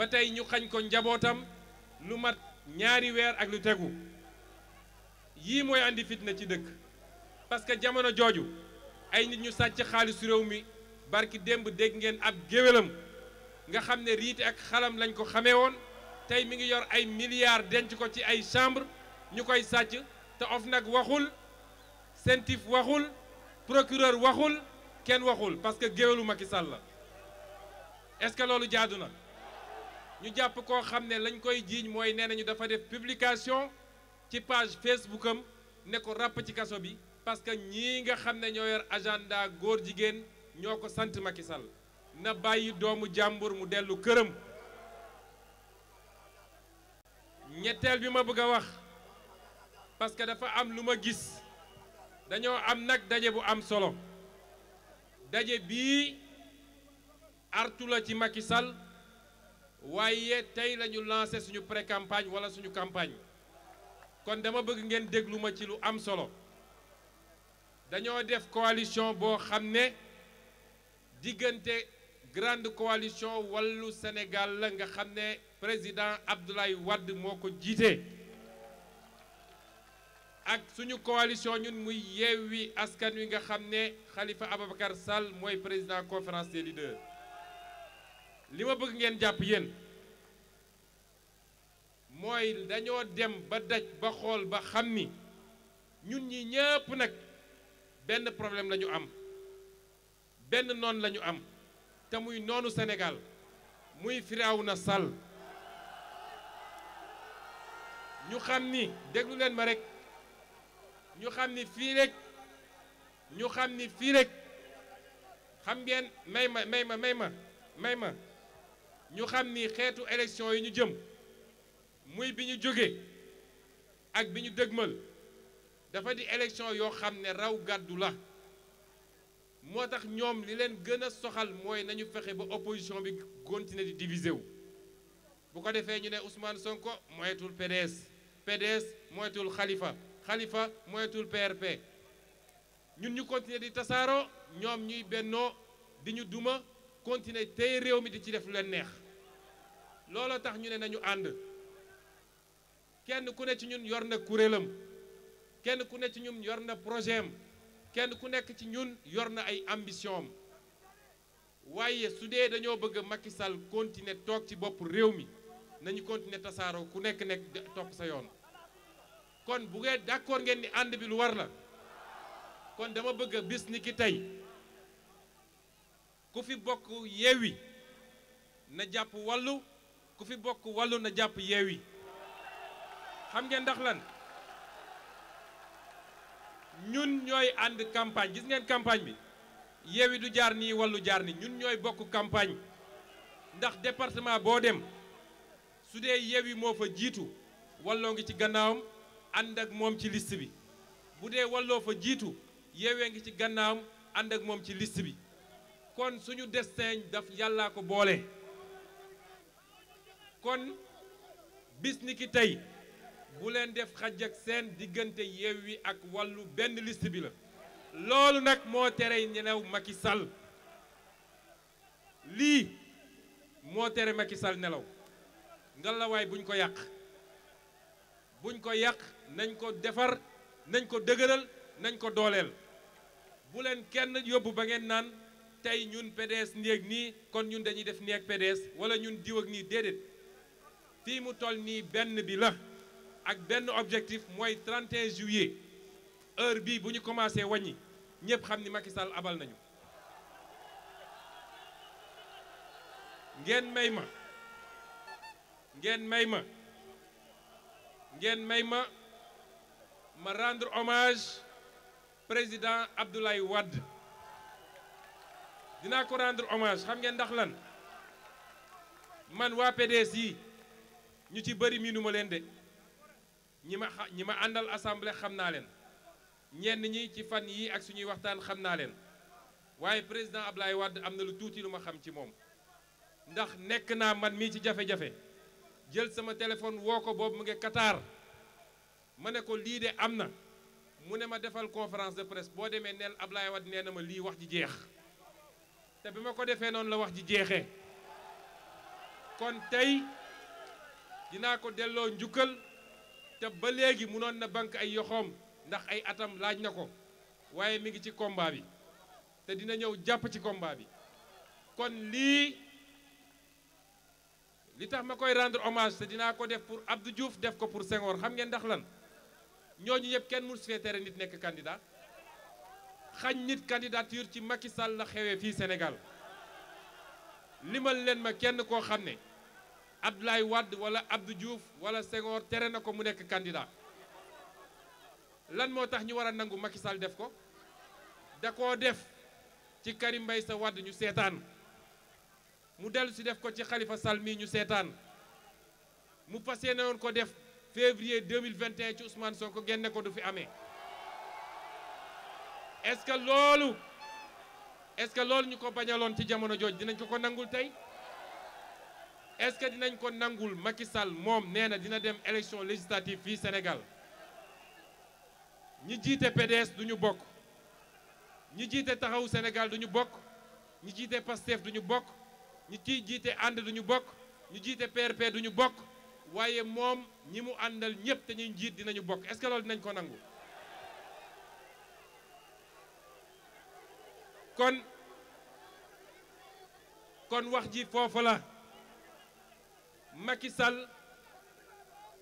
ba tey ñu xañ ko njabootam lu mat ñaari weer ak lu tegu yii mooy andi fitna ci dëkk parce que jamono jooju ay nit ñu sàcc xaalisu réew mi barki démb dégg ngeen ab géwélam nga xam ne riite ak xalam lañ ko xamee woon tey mi ngi yor ay milliards denc ko ci ay chambre ñu koy sàcc te of nag waxul sentif waxul procureur waxul kenn waxul parce que géwélu Macky Sall la est-ce que loolu jaadu na ñu jàpp koo xam ne lañ koy jiiñ mooy nee nañu dafa def publication ci page Facebook ne ko ràpp ci kaso bi parce que ñii nga xam ne ñoo yor agenda góor jigéen ñoo ko sant Macky Sall na bàyyi doomu jàmbur mu dellu këram ñetteel bi ma bëgg a wax parce que dafa am lu ma gis dañoo am nag daje bu am solo daje bii artu la ci makisal waaye tey lañu ñu suñu pré campagne wala suñu campagne kon dama bëgg ngeen déglu ma ci lu am solo dañoo def coalition boo xam ne diggante grande coalition wàllu Sénégal la nga xam ne président Abdoulaye wadd moo ko jiitee ak suñu coalition ñun muy Yewwi Askan Wi nga xam ne Khalifa Ababacar Sall mooy président conférence des leaders. li ma bëgg ngeen jàpp yéen mooy dañoo dem ba daj ba xool ba xam ni ñun ñi ñëpp nag benn problème lañu am benn noon lañu am te muy noonu Sénégal muy Firawna Sall ñu xam ni déglu leen ma rekk ñu xam ni fii rek ñu xam ni fii rek xam ngeen may ma may ma may ma may ma ñu xam ni xeetu élection yi ñu jëm muy bi ñu jógee ak bi ñu dëgmal dafa di élection yoo xam ne raw gàddu la moo tax ñoom li leen gën a soxal mooy nañu fexe ba opposition bi continuer di diviser wu bu ko defee ñu ne Ousmane Sonko moyetul PDS PDS moyetul xalifa xalifa moyetul PRP ñun ñu continuer di tasaaroo ñoom ñuy bennoo di ñu duma continuer tey réew mi di ci def leen neex looloo tax ñu ne nañu ànd kenn ku ne ci ñun yor na kuréelam kenn ku ne ci ñun yor na projet am kenn ku nekk ci ñun yor na ay ambition am waaye su dee dañoo bëgg Macky Sall continuer toog ci bopp réew mi nañu continuer tasaaroo ku nekk nekk topp sa yoon kon bu ngeen d'accord ngeen ni ànd bi lu war la kon dama bëgg a bis ni tey ku fi bokk yeewi na jàpp wàllu ku fi bokk wàllu na jàpp yi xam nga ndax lan ñun ñooy ànd campagne gis ngeen campagne bi yeewi du jaar nii wallu jaar ni ñun ñooy bokk campagne ndax département boo dem su dee yi moo fa jiitu walloo ngi ci gannaawam ànd ak moom ci list bi bu dee walloo fa jiitu yeewee ngi ci gannaawam ànd ak moom ci list bi kon suñu destin daf yàllaa ko boole. kon bis ni ki tey buleen def xaj ak seen diggante yeew Yewwi ak wàllu benn list bi la loolu nag moo tere nelaw Macky Sall lii moo tere Macky Sall nelaw ngalawaay buñ ko yàq buñ ko yàq nañ ko defar nañ ko dëgëral nañ ko dooleel bu leen kenn yóbbu ba ngeen naan tey ñun PDS nii ak nii kon ñun dañuy def nii ak PDS wala ñun diw nii déedéet fii mu toll nii benn bi la ak benn objectif mooy 31 juillet heure bii bu ñu commencé wàññi ñëpp xam ni Macky Sall abal nañu ngeen may ma ngeen may ma ngeen may ma ma rendre hommage président Abdoulaye Wade dinaa ko rendre hommage xam ngeen ndax lan man waa PDS yi ñu ci bëri miinuma leen de ñi ma xa ñi ma àndal assemblée xam naa leen ñenn ñi ci fan yii ak suñuy waxtaan xam naa leen waaye président Ablaye Wade am na lu tuuti lu ma xam ci moom ndax nekk naa man mii ci jafe-jafe jël sama téléphone woo ko boobu mu ngi Qatar ma ne ko lii de am na mu ne ma defal conférence de presse boo demee neel Ablaye Wade nee na ma lii wax ji jeex te bi ma ko defee noonu la wax ji jeexee kon tey dinaa ko delloo njukkal te ba léegi munoon na bank ay yoxoom ndax ay atam laaj na ko waaye mi ngi ci combat bi te dina ñëw jàpp ci combat bi kon lii li tax ma koy rendre hommage te dinaa ko def pour Abdou Diouf def ko pour Senghor xam ngeen ndax lan ñooñu yëpp kenn mënu fee tere nit nekk candidat xañ nit candidature ci Macky Sall xewee fii senegal limal leen ma kenn koo xam ne Abdoulaye Wade wala abdu juuf wala Senghor tere na ko mu nekk candidat lan moo tax ñu war a nangu Macky Sall def ko da koo def ci Karim Mbaye sa Wade ñu seetaan mu dellu si def ko ci xalifa Sall mii ñu seetaan mu fas yéene woon ko def février 2021 ci Ousmane ko génne ko du fi amee est-ce que loolu est-ce que loolu ñu ko bañaloon ci jamono jooj dinañ ko ko nangul tey est-ce dinañ ko nangul Macky Sall moom nee na dina dem élection législative fii senegal ñi jiite PDS duñu bokk ñi jiite taxawu senegal duñu bokk ñi jiite PASTEF duñu bokk ñi ciy jiite ànd duñu bokk ñi jiite PRP duñu bokk waaye moom ñi mu àndal ñépp te ñuy jiit dinañu bokk est-ce que ko nangu kon kon wax ji foofu la Macky Sall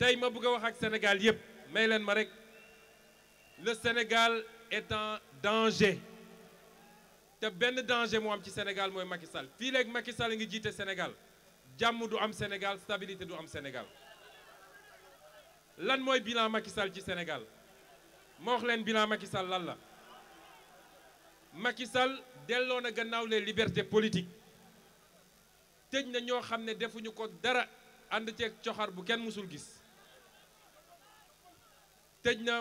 tey ma bëgg a wax ak Sénégal yëpp may leen ma rek le Sénégal est en danger te benn danger moo am ci Sénégal mooy Macky Sall fii léegi Macky Sall ngi jiite Sénégal jàmm du am Sénégal stabilité du am Sénégal lan mooy bilan Macky Sall ci Sénégal ma wax leen bilan Macky Sall lan la Macky Sall delloo na gannaaw les liberté politiques tëj na ñoo xam ne defuñu ko dara ànd ceeg coxar bu kenn mësul gis tëj na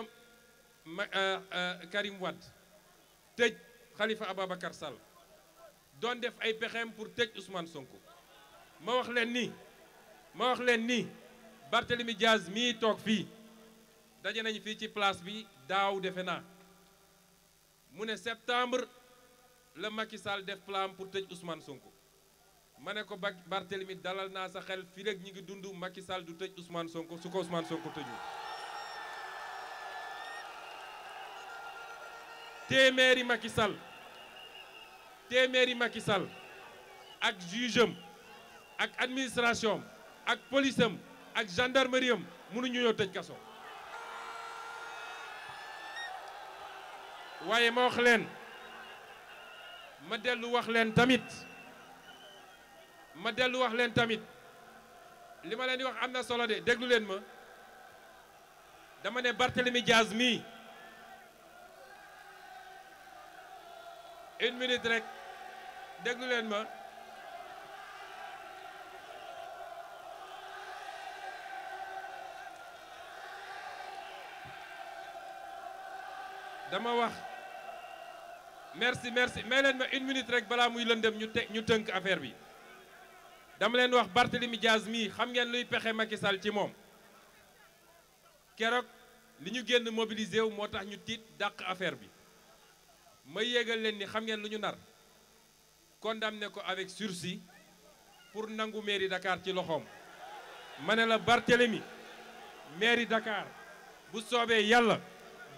ma euh, euh, Karim Wade tëj Khalifa Ababacar Sall doon def ay pexem pour tëj Ousmane Sonko ma wax leen ni ma wax leen ni Barthélemy Diaz mii toog fii daje nañ fii ci place bi daaw defe naa mu ne septembre la Macky Sall def plan pour tëj Ousmane Sonko ma ne ko ba Barthélemy dalal naa sa xel fii rek ñi ngi dund Macky Sall du tëj Ousmane Sonko su ko Ousmane Sonko tëjul. téeméeri makisal ak juge ak administration ak police ak gendarmerie am ñoo tëj kaso. waaye ma wax leen ma dellu wax leen tamit. ma dellu leen tamit li ma leen di wax am na solo de déglu ma dama ne Barthélemy Diaz mii une minute rek déglu leen ma dama wax merci merci may leen ma une rek balaa muy lëndëm ñu te ñu tënk affaire bi dama leen wax Barthélemy Diaz mii xam ngeen luy pexe Macky Sall ci moom keroog li ñu génn mobilisé wu moo tax ñu tiit dàq affaire bi ma yéegal leen ni xam ngeen lu ñu nar ne ko avec sursis pour nangu mairie dakaar ci loxoom ma ne la Barthélemy mairie dakaar bu soobee yàlla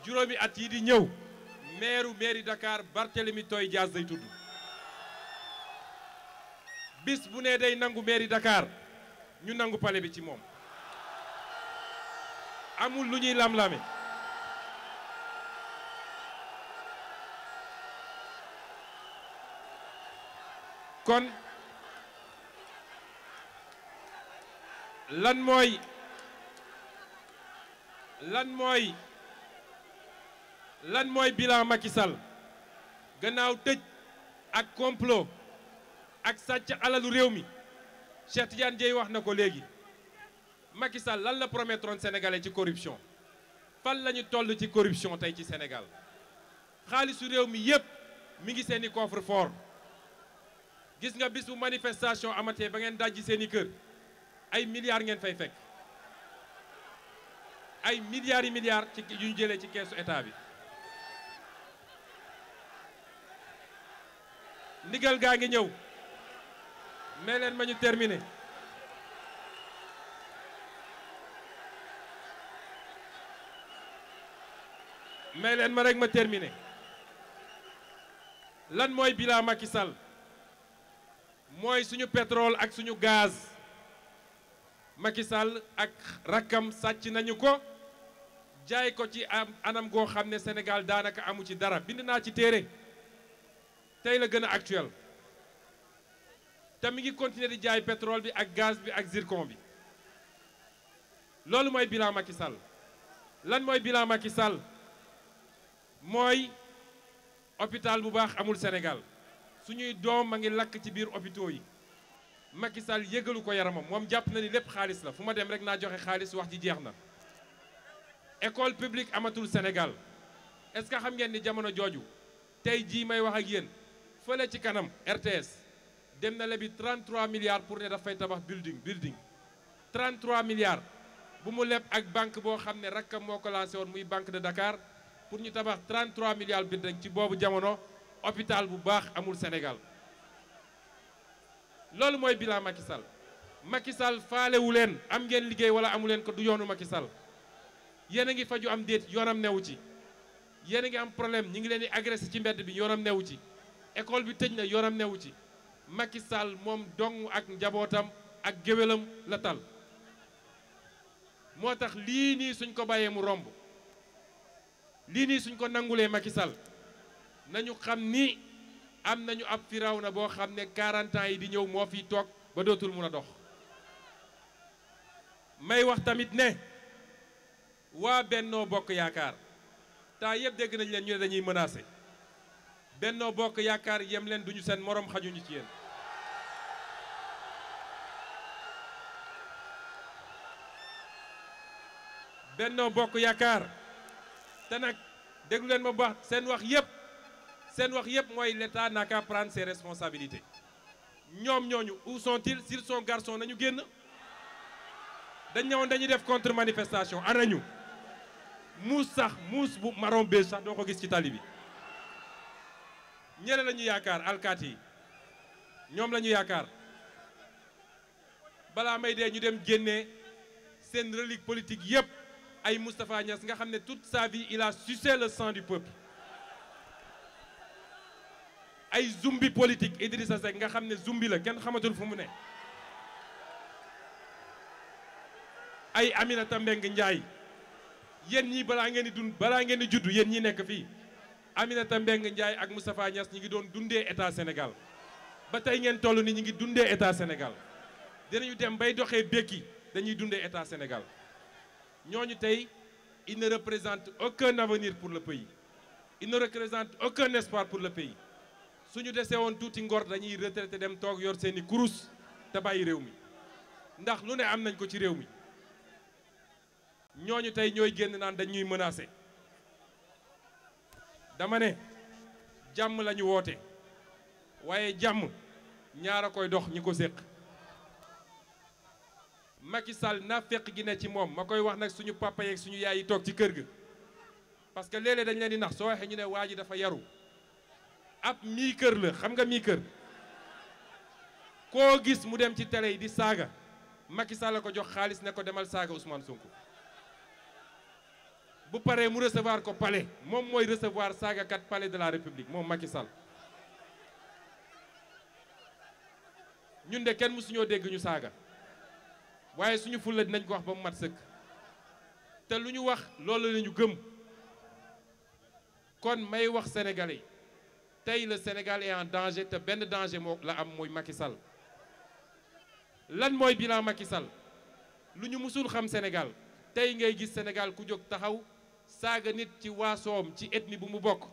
juróomi at yi di ñëw maireu mairie Dakar Barthélemy tooy Diaz day tudd bis bu ne day nangu mairie Dakar ñu nangu palais bi ci moom amul lu ñuy lam kon lan mooy lan mooy lan mooy bilan Macky sal gannaaw tëj ak complot ak sàcc alalu réew mi Cheikh Tidiane Dieye wax na ko léegi Macky Sall lan la promettroon sénégalais ci corruption fan la ñu toll ci corruption tey ci senegal Sénégal xaalisu réew mi yépp mi ngi seeni i coffre gis nga bis bu manifestation amatee ba ngeen dajji seen i kër ay milliards ngeen fay fekk ay milliards yi milliards ci yu ñu jëlee ci keesu état bi ndigal gaa ngi ñëw mais leen ma ñu terminer. ma rek lan mooy bilan Macky Sall mooy suñu pétrole ak suñu gaz Macky ak rakkam sàcc nañu ko jaay ko ci anam goo xam ne Sénégal daanaka amu ci dara bind naa ci téere tey la gën a actuel te mi ngi continuer di jaay pétrole bi ak gaz bi ak zircon bi loolu mooy bilan Macky Sall lan mooy bilan Macky Sall mooy hôpital bu baax amul Sénégal suñuy doom a ngi lakk ci biir hôpitaux yi Macky Sall yëgalu ko yaramam moom jàpp na ni lépp xaalis la fu ma dem rek naa joxe xaalis wax ji jeex na école publique amatul Sénégal est-ce que xam ngeen ni jamono jooju tey jii may wax ak yéen fële ci kanam RTS dem na lebi 33 milliards pour ne dafay tabax building building 33 milliards bu mu leb ak banque boo xam ne rakkam moo ko lancé woon muy banque de Dakar pour ñu tabax 33 milliards building ci boobu jamono hôpital bu baax amul Sénégal loolu mooy bilan Macky Sall Macky Sall faalewu leen am ngeen liggéey wala amu leen ko du yoonu Macky Sall yéen a ngi faju am déet yoonam newu ci yéen ngi am problème ñi ngi leen di agressé ci mbedd bi yoonam newu ci école bi tëj na yoonam newu ci Macky Sall moom dong ak njabootam ak géwélam la tal moo tax lii nii suñ ko bàyyee mu romb lii nii suñ ko nangulee Macky Sall nañu xam ni am nañu ab firaw na boo xam ne 40 yi di ñëw moo fiy toog ba dootul mën a dox may wax tamit ne waa Bennoo Bokk Yaakaar temps yëpp dégg nañ leen ñu ne dañuy menacé Bennoo Bokk Yaakaar yem leen duñu seen moroom xajuñu ci yéen Benno Bokk Yaakaar te nag déglu leen ma bu baax seen wax yëpp seen wax yëpp mooy l'État n'a qu'à prendre ses ñoom ñooñu où sont-ils s'ils sont nañu génn dañ ñëwoon dañuy def contre manifestation anañu muus sax muus bu marron beige sax doo ko gis ci tali bi ñële la yaakaar alkaat yi ñoom lañu yaakaar balaa may dee ñu dem génnee seen relique politique yépp ay Moustapha Niass nga xam ne toute sa vie il a sucé le sang du peuple ay zumbi politique Idrissa Seck nga xam ne zumbi la kenn xamatul fu mu ne ay Aminata Mbengue Ndiaye yéen ñii balaa ngeen di dund balaa ngeen di juddu yéen ñi nekk fii Aminata Mbengue njaay ak Moustapha Niass ñi ngi doon dundee état senegal ba tey ngeen toll ni ñi ngi dundee état Sénégal dinañu dem bay doxee békki dañuy dundee état senegal ñooñu tey ils ne représentent aucun avenir pour le pays ils ne représentent aucun espoir pour le pays suñu desee woon tuuti ngor dañuy retraité dem toog yor seeni kurus te bàyyi réew mi ndax lu ne am nañ ko ci réew mi ñooñu tey ñooy génn naan dañuy menacé dama ne jàmm la ñu woote waaye jàmm ñaar a koy dox ñi ko séq Macky Sall naafeq gi ne ci moom ma koy wax nag suñu papa suñu yaay yi toog ci kër gi parce que léeg-léeg dañ leen di nax soo waxee ñu ne waa ji dafa yaru ab mii kër la xam nga mii kër koo gis mu dem ci télé yi di saaga Macky Sall ko jox xaalis ne ko demal saaga Ousmane Sonko bu paree mu recevoir ko palais moom mooy recevoir saagakat palais de la République moom Macky Sall ñun de kenn mësuñoo dégg ñu saaga waaye suñu fulla dinañ ko wax ba mu mat sëkk te lu ñu wax loolu la ñu gëm kon may wax sénégalais tey le Sénégal est en danger te benn danger moo la am mooy Macky Sall lan mooy bilan Macky Sall lu ñu musul xam Sénégal tey ngay gis Sénégal ku jóg taxaw saaga nit ci waasoom ci etni bu mu bokk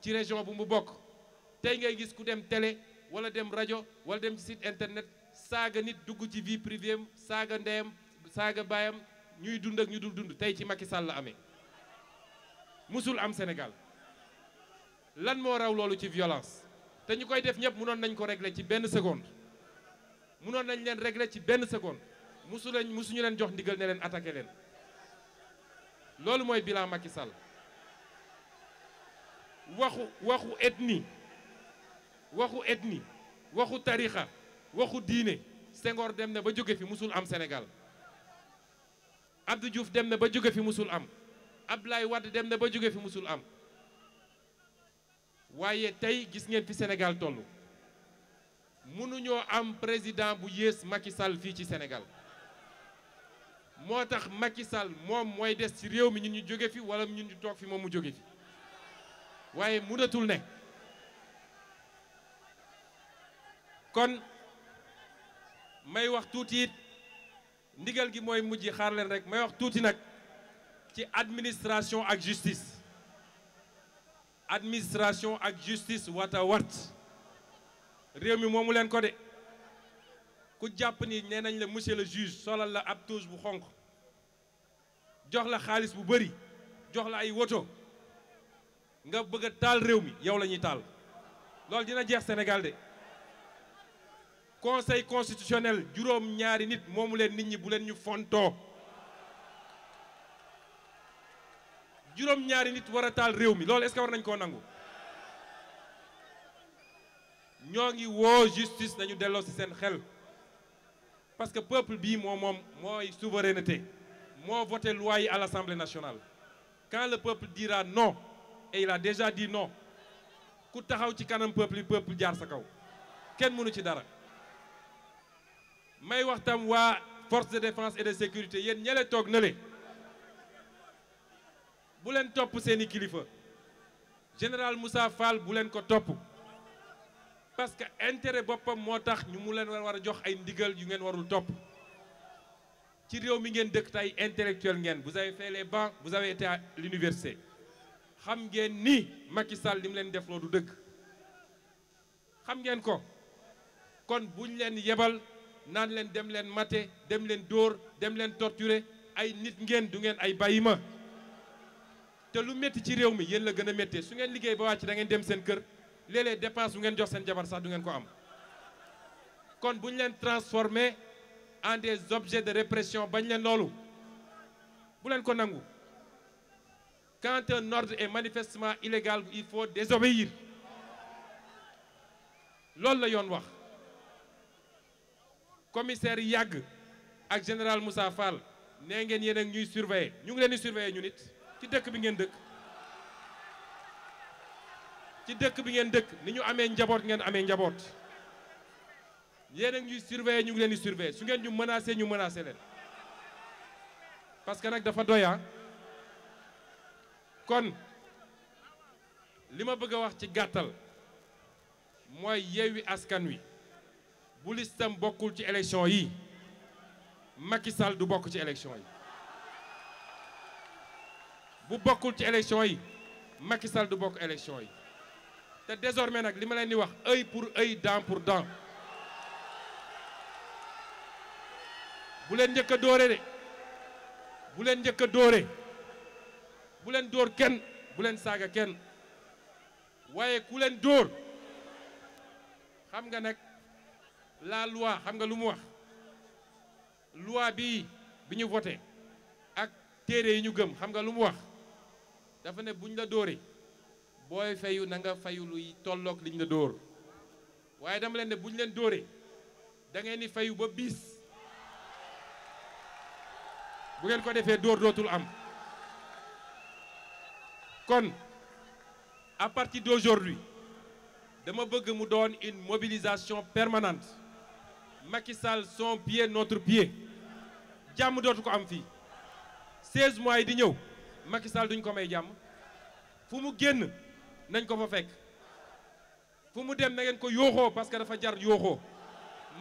ci région bu mu bokk tey ngay gis ku dem télé wala dem rajo wala dem ci site internet saaga nit dugg ci vie privée am saaga ndeyam saaga baayam ñuy dund ak ñu dul dund tey ci Macky Sall la amee musul am senegal lan moo raw loolu ci violence te ñu koy def ñëpp mënoon nañ ko régler ci benn seconde mënoon nañ leen régler ci benn seconde musu leen musuñu leen jox ndigal ne leen attaqué leen loolu mooy bilan Macky Sall waxu waxu ethnie waxu ethnie waxu tarixa waxu diine sengoor dem na ba jóge fi musul am Sénégal Abdou Diouf dem na ba jóge fi musul am Abdoulaye Wade dem na ba jóge fi musul am waaye tey gis ngeen fi Sénégal toll mënuñoo am président bu yées Macky Sall fii ci Sénégal moo tax Macky sal moom mooy des ci réew mi ñu ñu jóge fi wala ñun ñu toog fi moom mu jóge fi waaye mënatul ne may wax tuuti it ndigal gi mooy mujj xaarleen rek may wax tuuti nag ci administration ak justice administration ak justice wata wat réew mi moomu leen ko de ku jàpp ni nee nañ la monsieur le juge solal la ab tuus bu xonq jox la xaalis bu bëri jox la ay woto nga bëgg taal réew mi yow la ñuy taal loolu dina jeex Sénégal de conseil constitutionnel juróom ñaari nit moomu leen nit ñi bu leen ñu fontoo juróom ñaari nit war taal réew mi loolu est-ce war nañ koo nangu ñoo ngi woo justice nañu delloo ci seen xel parce que peuple bii moo moom mooy souveraineté moo voté loi yi à l'Assemblée nationale quand le peuple dira non et il déjà dit non ku taxaw ci kanam peuple yi peuple jaar sa kaw kenn mënu ci dara may wax tam waa force de défense et de sécurité yéen ñele toog na le bu leen topp seeni kilifa général Moussa Fall bu leen ko topp parce que intérêt boppam moo tax ñu mu leen war a jox ay ndigal yu ngeen warul topp ci réew mi ngeen dëkk tey intellectuel ngeen bu avez fait les bu vous avez été à l'université xam ngeen ni Macky Sall li mu leen def loo du dëgg xam ngeen ko kon buñ leen yebal naan leen dem leen mate dem leen dóor dem leen torturer ay nit ngeen du ngeen ay bàyyi ma te lu metti ci réew mi yéen la gën a méttee su ngeen liggéey ba wàcc da ngeen dem seen kër léeg-léeg dépense bu ngeen jox seen jabar sax du ngeen ko am kon bu ñu leen transformer en des objets de répression bañ leen loolu bu leen ko nangu quand un ordre est manifestement illégal il faut désobéir loolu la yoon wax commissaire yàgg ak général Moussa Fall nee ngeen yéen ak ñuy surveiller ñu ngi leen di surveiller ñu nit ci dëkk bi ngeen dëkk ci dëkk bi ngeen dëkk ni ñu amee njaboot ngeen amee njaboot yéen ak ñuy surveiller ñu ngi leen di su ngeen ñu menacer ñu menacer leen parce que nag dafa doya ah. kon li ma bëgg a wax ci gàttal mooy Yewwi Askan Wi bu listam bokkul ci élection yi Macky Sall du bokk ci élection yi bu bokkul ci élection yi Macky Sall du bokk élection yi te désormais nag li ma leen di wax œil pour œil dent pour dent bu leen njëkk a dóore de bu leen njëkk a dóore bu leen dóor kenn bu leen saaga kenn waaye ku leen dóor xam nga nag la loi xam nga lu mu wax loi bi bi ñu vote ak téere yi ñu gëm xam nga lu mu wax dafa ne buñ la dóoree booy fayu nanga nga fayu luy tolloog liñ la dóor waaye dama leen ne buñ leen dóoree da ngeen di fayu ba bis bu ngeen ko defee dóor dootul am kon à partir d'aujourd'hui dama bëgg mu doon une mobilisation permanente Macky Sall son pied notre pied jàmm dootu ko am fii 16 mois yi di ñëw Macky Sall duñ ko may jàmm fu mu génn nañ ko fa fekk fu mu dem na ko yooxoo parce que dafa jar yooxoo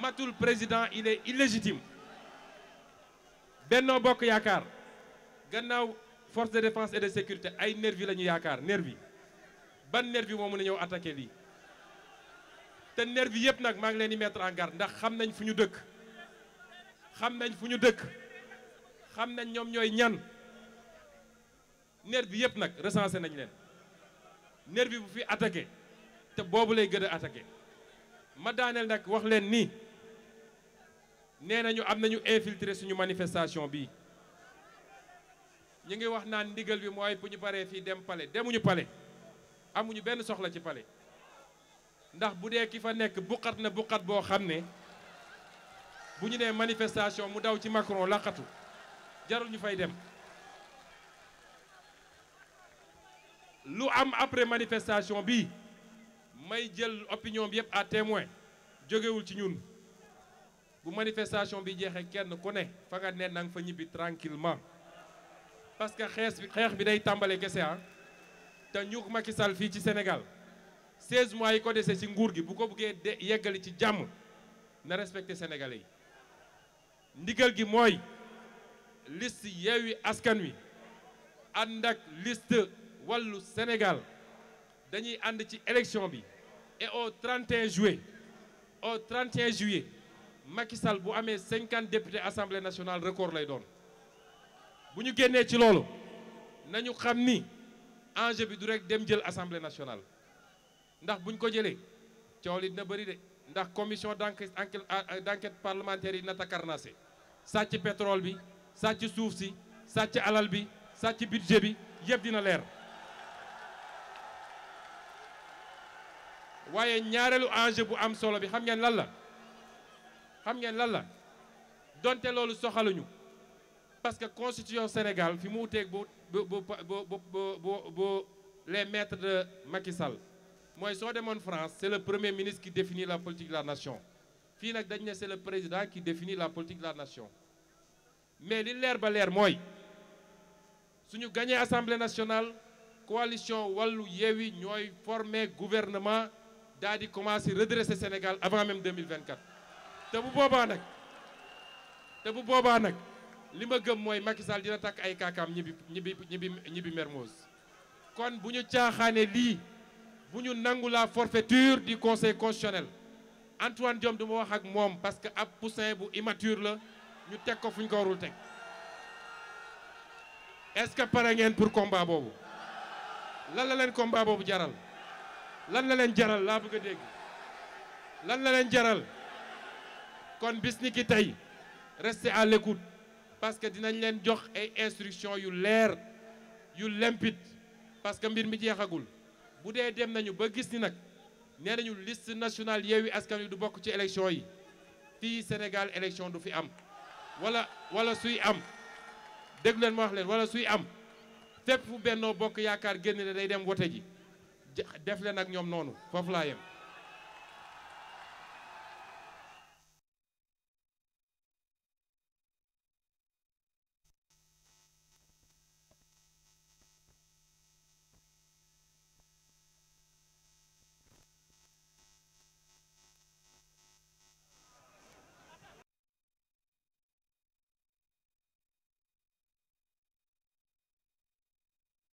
matul président il est illégitime Benno Bokk Yaakaar gannaaw force de défense et de sécurité ay nervi la ñu yaakaar nervi ban nervi moo mën a ñëw attaqué lii te nervi yëpp nag maa ngi leen di mettre en garde ndax xam nañ fu ñu dëkk xam nañ fu ñu dëkk xam nañ ñoom ñooy ñan nervi yëpp nag recensé nañ leen nervi bu fi attaqué te boobu lay gën a attaqué ma daaneel nag wax leen nii nee nañu am nañu infiltré suñu manifestation bi ñu ngi wax naan ndigal bi mooy pu ñu paree fii dem pale demuñu palais amuñu benn soxla ci pale ndax bu dee ki fa nekk buqat na buqat boo xam ne bu ñu nee manifestation mu daw ci Macron laqatu jarul ñu fay dem lu am après manifestation bi may jël opinion bi yëpp à témoin jógewul ci ñun bu manifestation bi jeexee kenn ku ne fa nga ne na nga fa ñibbi tranquillement parce que xeex bi xeex bi day tàmbale kese ah. te ñu Macky sal fii ci Sénégal 16 mois yi ko dese ci nguur gi bu ko buggee de yeggali ci jàmm na respecté sénégalais yi ndigal gi mooy liste Yewwi Askan Wi ànd ak liste wàllu Sénégal dañuy ànd ci élection bi et au 31 juillet au 31 juillet Macky Sall bu amee 50 députés assemblée nationale record lay doon bu ñu génnee ci loolu nañu xam ni enjeu bi du rekk dem jël assemblée nationale ndax buñ ko jëlee coow li dina bëri de ndax commission d'enquête d'enquête parlementaire yi na takarnase sàcc pétrole bi sàcc suuf si sàcc alal bi sàcc budget bi yëpp dina leer waaye ñaareelu enjeu bu am solo bi xam ngeen lan la xam ngeen lan la donte loolu soxaluñu parce que constitution Sénégal fi mu wuteeg bu bu bu bu bu les maîtres de Macky mooy soo demoon France c'est le premier ministre qui définit la politique de la nation fii nag dañu ne c'est le président qui définit la politique de la nation mais li leer ba leer mooy suñu gagné assemblée nationale coalition wàllu yeewi ñooy former gouvernement daal di commencer redresser Sénégal avant même 2024 te bu boobaa nag te bu boobaa nag li ma gëm mooy Macky Sall dina takk ay kaakaam ñibbi ñibbi ñibbi ñibbi kon bu ñu caaxaane lii bu ñu nangu la forfaiture du conseil constitutionnel Antoine Diome du ma wax ak moom parce que ab poussin bu immature la ñu teg ko fu ñu ko warul teg est-ce que pare ngeen pour combat boobu lan la leen combat boobu jaral lan la leen jaral laa bëgg a dégg lan la leen jaral kon bis ni ki tey restez à l'écoute parce que dinañ leen jox ay instructions yu leer yu limpide parce que mbir mi jeexagul. bu dee dem nañu ba gis ni nag nee nañu liste nationale Yewwi Askan Wi du bokk ci élection yi fii Sénégal élection du fi am wala wala suy am dégg leen ma wax leen wala suy am fépp fu Benno Bokk Yaakaar génn ne day dem wote ji def leen ak ñoom noonu foofu laa yem